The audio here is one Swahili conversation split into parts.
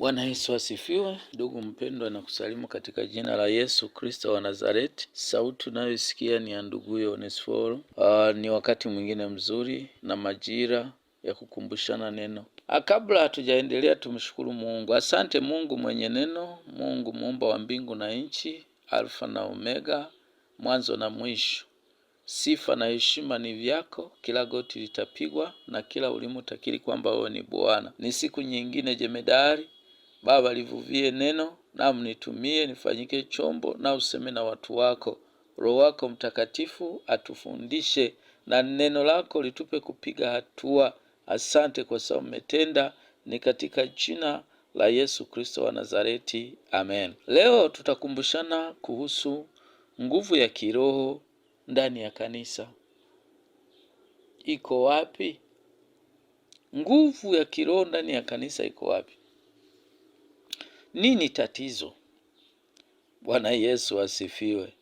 Bwana Yesu asifiwe. Ndugu mpendwa, na kusalimu katika jina la Yesu Kristo wa Nazareti. Sauti unayoisikia ni ya nduguye Onesforo. Uh, ni wakati mwingine mzuri na majira ya kukumbushana neno. Ah, kabla hatujaendelea, tumshukuru Mungu. Asante Mungu mwenye neno, Mungu muumba wa mbingu na nchi, Alfa na Omega, mwanzo na mwisho. Sifa na heshima ni vyako, kila goti litapigwa na kila ulimi utakiri kwamba wewe ni Bwana. Ni siku nyingine jemedari Baba, livuvie neno na mnitumie nifanyike chombo na useme na watu wako. Roho wako Mtakatifu atufundishe na neno lako litupe kupiga hatua. Asante kwa sababu mmetenda, ni katika jina la Yesu Kristo wa Nazareti, amen. Leo tutakumbushana kuhusu nguvu ya kiroho ndani ya kanisa. Iko wapi nguvu ya kiroho ndani ya kanisa? Iko wapi? Nini tatizo? Bwana Yesu asifiwe.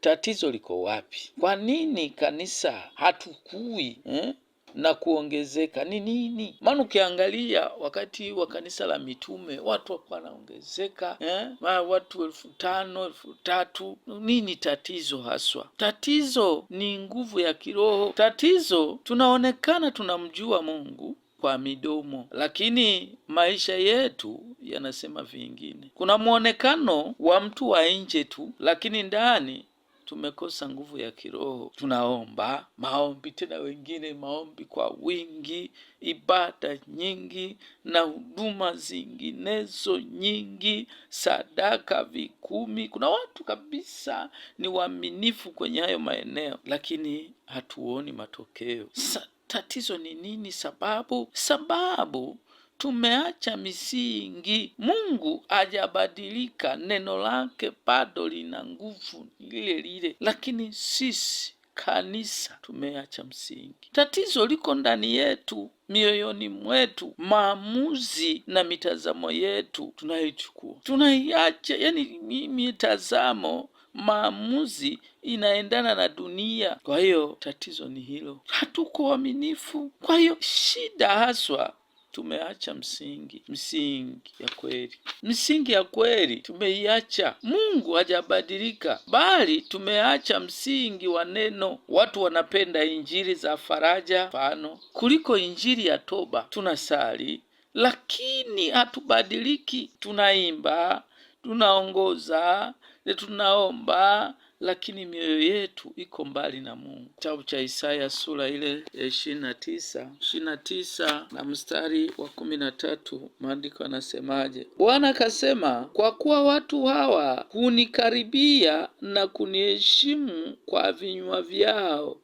Tatizo liko wapi? Kwa nini kanisa hatukui eh? na kuongezeka ni nini? Maana ukiangalia wakati wa kanisa la mitume watu wakuwa wanaongezeka eh? watu elfu tano elfu tatu Nini tatizo haswa? Tatizo ni nguvu ya kiroho. Tatizo tunaonekana tunamjua Mungu kwa midomo, lakini maisha yetu yanasema vingine. Kuna mwonekano wa mtu wa nje tu, lakini ndani tumekosa nguvu ya kiroho. Tunaomba maombi tena, wengine maombi kwa wingi, ibada nyingi na huduma zinginezo nyingi, sadaka, vikumi. Kuna watu kabisa ni waaminifu kwenye hayo maeneo, lakini hatuoni matokeo. Sa Tatizo ni nini? Sababu, sababu tumeacha misingi. Mungu hajabadilika, neno lake bado lina nguvu lile lile, lakini sisi kanisa tumeacha msingi. Tatizo liko ndani yetu, mioyoni mwetu, maamuzi na mitazamo yetu tunayoichukua tunaiacha, yani mitazamo maamuzi inaendana na dunia. Kwa hiyo tatizo ni hilo, hatuko waaminifu. Kwa hiyo shida haswa tumeacha msingi, msingi ya kweli, msingi ya kweli tumeiacha. Mungu hajabadilika, bali tumeacha msingi wa neno. Watu wanapenda injili za faraja fano kuliko injili ya toba. Tunasali lakini hatubadiliki, tunaimba, tunaongoza ni tunaomba lakini mioyo yetu iko mbali na Mungu. Kitabu cha Isaya sura ile ya ishirini na tisa ishirini na tisa na mstari wa kumi na tatu maandiko yanasemaje? Bwana akasema, kwa kuwa watu hawa hunikaribia na kuniheshimu kwa vinywa vyao,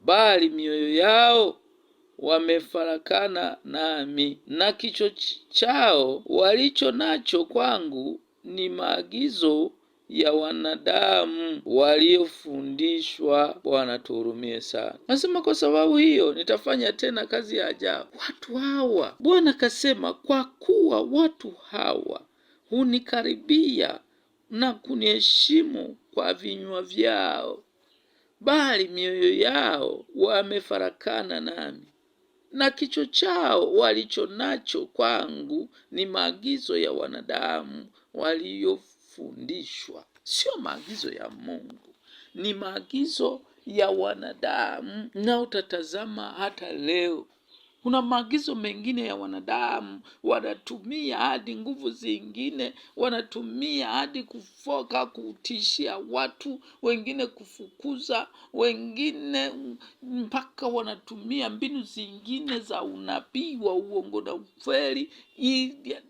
bali mioyo yao wamefarakana nami, na kicho chao walicho nacho kwangu ni maagizo ya wanadamu waliofundishwa. Bwana tuhurumie sana. Nasema kwa sababu hiyo nitafanya tena kazi ya ajabu. Watu hawa Bwana kasema, kwa kuwa watu hawa hunikaribia na kuniheshimu kwa vinywa vyao, bali mioyo yao wamefarakana nami na kicho chao walicho nacho kwangu ni maagizo ya wanadamu walio kufundishwa, sio maagizo ya Mungu, ni maagizo ya wanadamu. Na utatazama hata leo kuna maagizo mengine ya wanadamu, wanatumia hadi nguvu zingine, wanatumia hadi kufoka, kutishia watu wengine, kufukuza wengine, mpaka wanatumia mbinu zingine za unabii wa uongo na ukweli.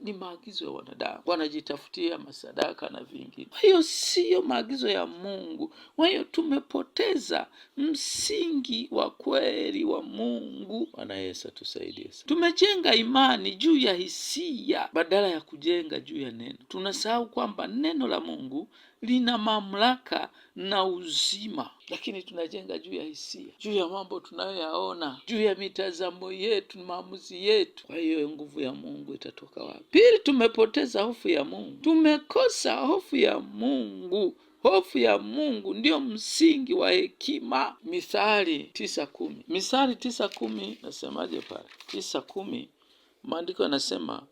Ni maagizo ya wanadamu, wanajitafutia masadaka na vingine. Kwa hiyo siyo maagizo ya Mungu. Kwa hiyo tumepoteza msingi wa kweli wa Mungu. Bwana Yesu tusaidie. sana. Tumejenga imani juu ya hisia badala ya kujenga juu ya neno. Tunasahau kwamba neno la Mungu lina mamlaka na uzima, lakini tunajenga juu ya hisia, juu ya mambo tunayoyaona, juu ya mitazamo yetu, maamuzi yetu. Kwa hiyo nguvu ya Mungu itatoka wapi? Pili, tumepoteza hofu ya Mungu, tumekosa hofu ya Mungu. Hofu ya Mungu ndiyo msingi wa hekima. Mithali tisa kumi Mithali tisa kumi nasemaje pale? tisa kumi maandiko yanasema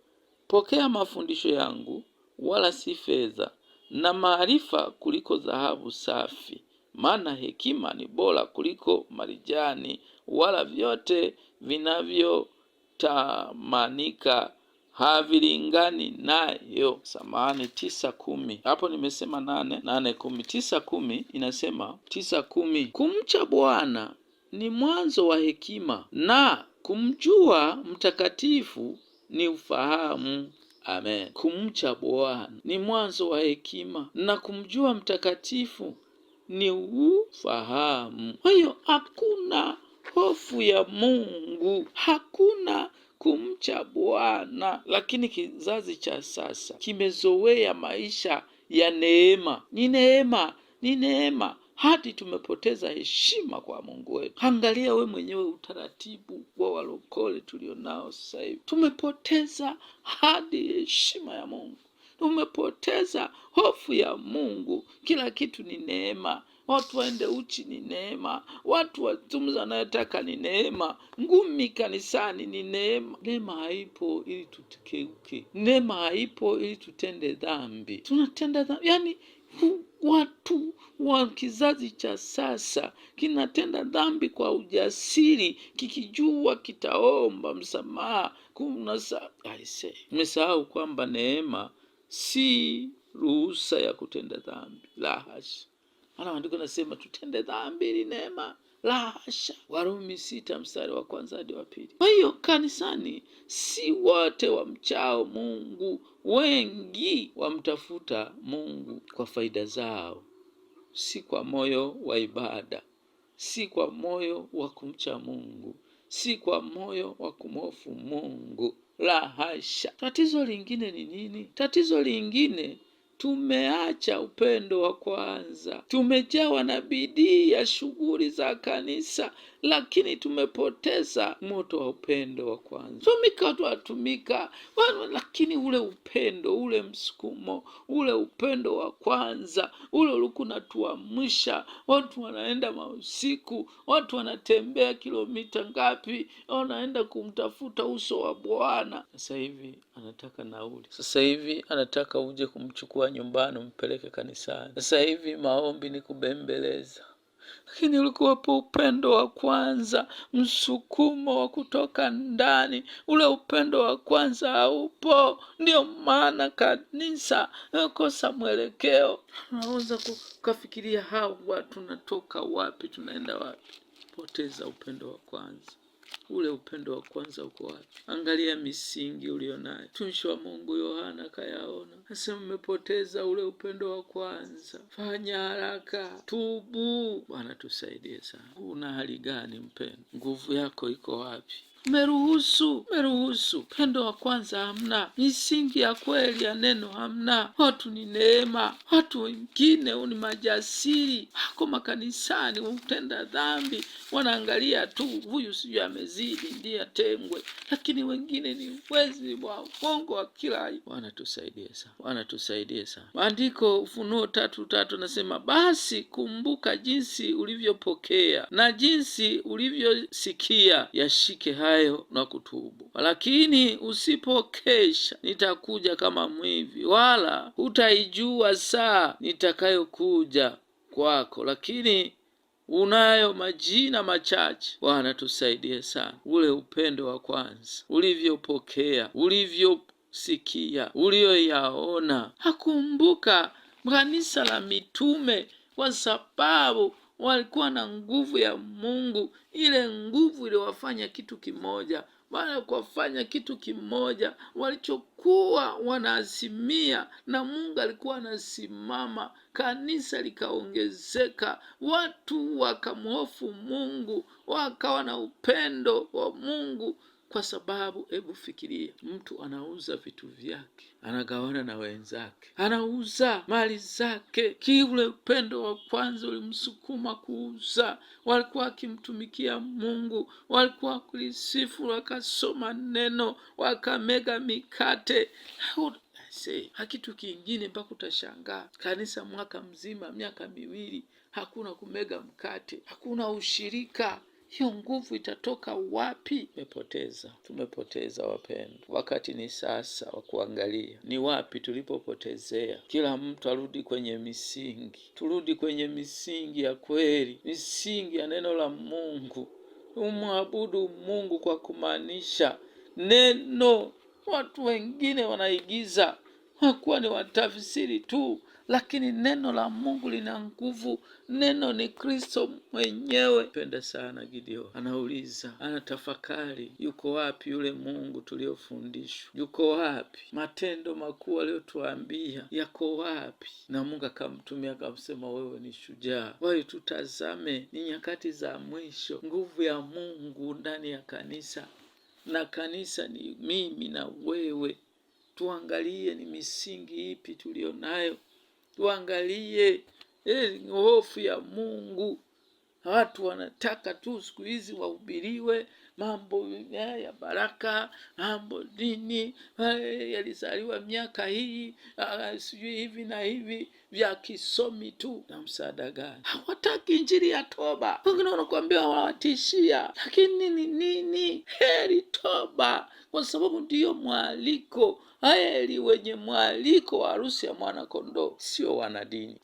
pokea mafundisho yangu, wala si fedha, na maarifa kuliko dhahabu safi, maana hekima ni bora kuliko marijani, wala vyote vinavyotamanika havilingani nayo. Samahani, tisa kumi. Hapo nimesema nane nane kumi, tisa kumi inasema tisa kumi, kumcha Bwana ni mwanzo wa hekima na kumjua mtakatifu ni ufahamu. Amen. Kumcha Bwana ni mwanzo wa hekima na kumjua mtakatifu ni ufahamu. Kwa hiyo hakuna hofu ya Mungu, hakuna kumcha Bwana. Lakini kizazi cha sasa kimezoea maisha ya neema, ni neema, ni neema hadi tumepoteza heshima kwa Mungu wetu. Angalia we mwenyewe utaratibu wa walokole tulionao sasa hivi, tumepoteza hadi heshima ya Mungu, tumepoteza hofu ya Mungu. Kila kitu ni neema watu waende uchi ni neema, watu watumza wanayotaka ni neema, ngumi kanisani ni neema. Neema haipo ili tutukeuke, neema haipo ili tutende dhambi, tunatenda dhambi yani watu wa kizazi cha sasa kinatenda dhambi kwa ujasiri, kikijua kitaomba msamaha. kuna aise, umesahau kwamba neema si ruhusa ya kutenda dhambi, la hasha. Maana maandiko nasema tutende dhambi ili neema la hasha. Warumi sita mstari wa kwanza hadi wa pili. Kwa hiyo kanisani, si wote wamchao Mungu, wengi wamtafuta Mungu kwa faida zao, si kwa moyo wa ibada, si kwa moyo wa kumcha Mungu, si kwa moyo wa kumhofu Mungu. La hasha! Tatizo lingine ni nini? Tatizo lingine tumeacha upendo wa kwanza. Tumejawa na bidii ya shughuli za kanisa, lakini tumepoteza moto wa upendo wa kwanza. Tumika twatumika, lakini ule upendo, ule msukumo, ule upendo wa kwanza, ule ulikunatuamsha. Watu wanaenda mausiku, watu wanatembea kilomita ngapi, wanaenda kumtafuta uso wa Bwana. Sasa hivi anataka nauli, sasa hivi anataka uje kumchukua kutoa nyumbani umpeleke kanisani. Sasa hivi maombi ni kubembeleza, lakini po upendo wa kwanza, msukumo wa kutoka ndani. Ule upendo wa kwanza haupo, ndio maana kanisa kosa mwelekeo. Unaweza kukafikiria hao watu, natoka wapi, tunaenda wapi? Poteza upendo wa kwanza. Ule upendo wa kwanza uko wapi? Angalia misingi ulionayo. Mtumishi wa Mungu Yohana kayaona asema mmepoteza ule upendo wa kwanza. Fanya haraka, tubu. Bwana tusaidie sana. Una hali gani mpendo? Nguvu yako iko wapi? Mmeruhusu, mmeruhusu. Upendo wa kwanza hamna, misingi ya kweli ya neno hamna. Watu ni neema, watu wengine ni majasiri, wako makanisani, wautenda dhambi, wanaangalia tu, huyu sijui amezidi, ndiye atengwe. Lakini wengine ni wezi wa uongo wa kila. Bwana tusaidie sana, Bwana tusaidie sana. Maandiko Ufunuo tatu tatu nasema basi kumbuka jinsi ulivyopokea na jinsi ulivyosikia, yashike haya uchayo na kutubu. Lakini usipokesha, nitakuja kama mwivi, wala hutaijua saa nitakayokuja kwako, lakini unayo majina machache. Bwana, tusaidie sana ule upendo wa kwanza ulivyopokea, ulivyosikia, ulioyaona. Hakumbuka kanisa la mitume kwa sababu walikuwa na nguvu ya Mungu, ile nguvu iliwafanya kitu kimoja. Baada ya kuwafanya kitu kimoja walichokuwa wanaazimia, na Mungu alikuwa anasimama, kanisa likaongezeka, watu wakamhofu Mungu, wakawa na upendo wa Mungu. Kwa sababu hebu fikirie, mtu anauza vitu vyake, anagawana na wenzake, anauza mali zake. kiule upendo wa kwanza ulimsukuma kuuza, walikuwa wakimtumikia Mungu, walikuwa wakilisifu, wakasoma neno, wakamega mikate hakitu kingine mpaka utashangaa, kanisa mwaka mzima, miaka miwili, hakuna kumega mkate, hakuna ushirika hiyo nguvu itatoka wapi? Tumepoteza, tumepoteza wapendwa, wakati ni sasa wa kuangalia ni wapi tulipopotezea. Kila mtu arudi kwenye misingi, turudi kwenye misingi ya kweli, misingi ya neno la Mungu. Umwabudu Mungu kwa kumaanisha neno. Watu wengine wanaigiza hakuwa ni watafsiri tu, lakini neno la Mungu lina nguvu. Neno ni Kristo mwenyewe. Penda sana Gideon anauliza, anatafakari, yuko wapi yule Mungu tuliofundishwa? Yuko wapi? matendo makuu aliyotuambia yako wapi? Na Mungu akamtumia akamsema, wewe ni shujaa. Wayo, tutazame, ni nyakati za mwisho, nguvu ya Mungu ndani ya kanisa, na kanisa ni mimi na wewe tuangalie ni misingi ipi nayo tuangalie eh, hofu ya Mungu Watu wanataka tu siku hizi wahubiriwe mambo ya baraka, mambo dini, eh, yalizaliwa miaka hii, ah, sijui hivi na hivi, vya kisomi tu. Na msaada gani? Hawataki injili ya toba. Wengine wanakuambia wanawatishia, lakini ni nini? Heri toba, kwa sababu ndiyo mwaliko. Heri wenye mwaliko wa harusi ya mwana kondoo, sio wanadini.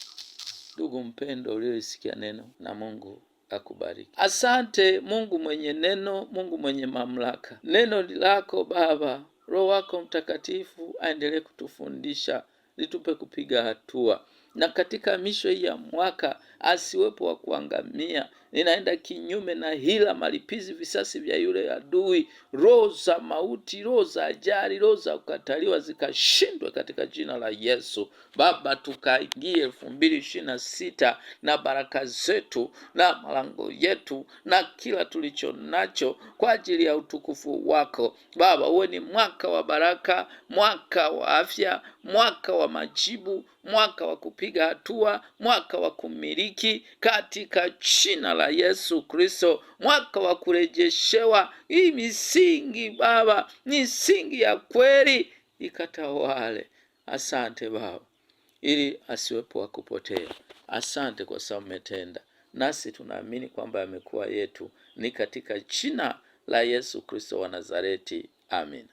Ndugu mpendo, ulioisikia neno na Mungu akubariki. Asante Mungu mwenye neno, Mungu mwenye mamlaka. Neno lako Baba, Roho wako Mtakatifu aendelee kutufundisha, litupe kupiga hatua, na katika misho hii ya mwaka asiwepo wa kuangamia, ninaenda kinyume na hila, malipizi, visasi vya yule adui, roho za mauti, roho za ajali, roho za kukataliwa zikashindwe katika jina la Yesu. Baba, tukaingie elfu mbili ishirini na sita na baraka zetu na malango yetu na kila tulicho nacho kwa ajili ya utukufu wako Baba. Uwe ni mwaka wa baraka, mwaka wa afya, mwaka wa majibu, mwaka wa kupiga hatua, mwaka wa kumiliki katika jina la la Yesu Kristo, mwaka wa kurejeshewa. Hii misingi Baba, misingi ya kweli ikatawale. Asante Baba, ili asiwepo wa kupotea. Asante kwa sababu umetenda nasi, tunaamini kwamba yamekuwa yetu, ni katika jina la Yesu Kristo wa Nazareti, amin.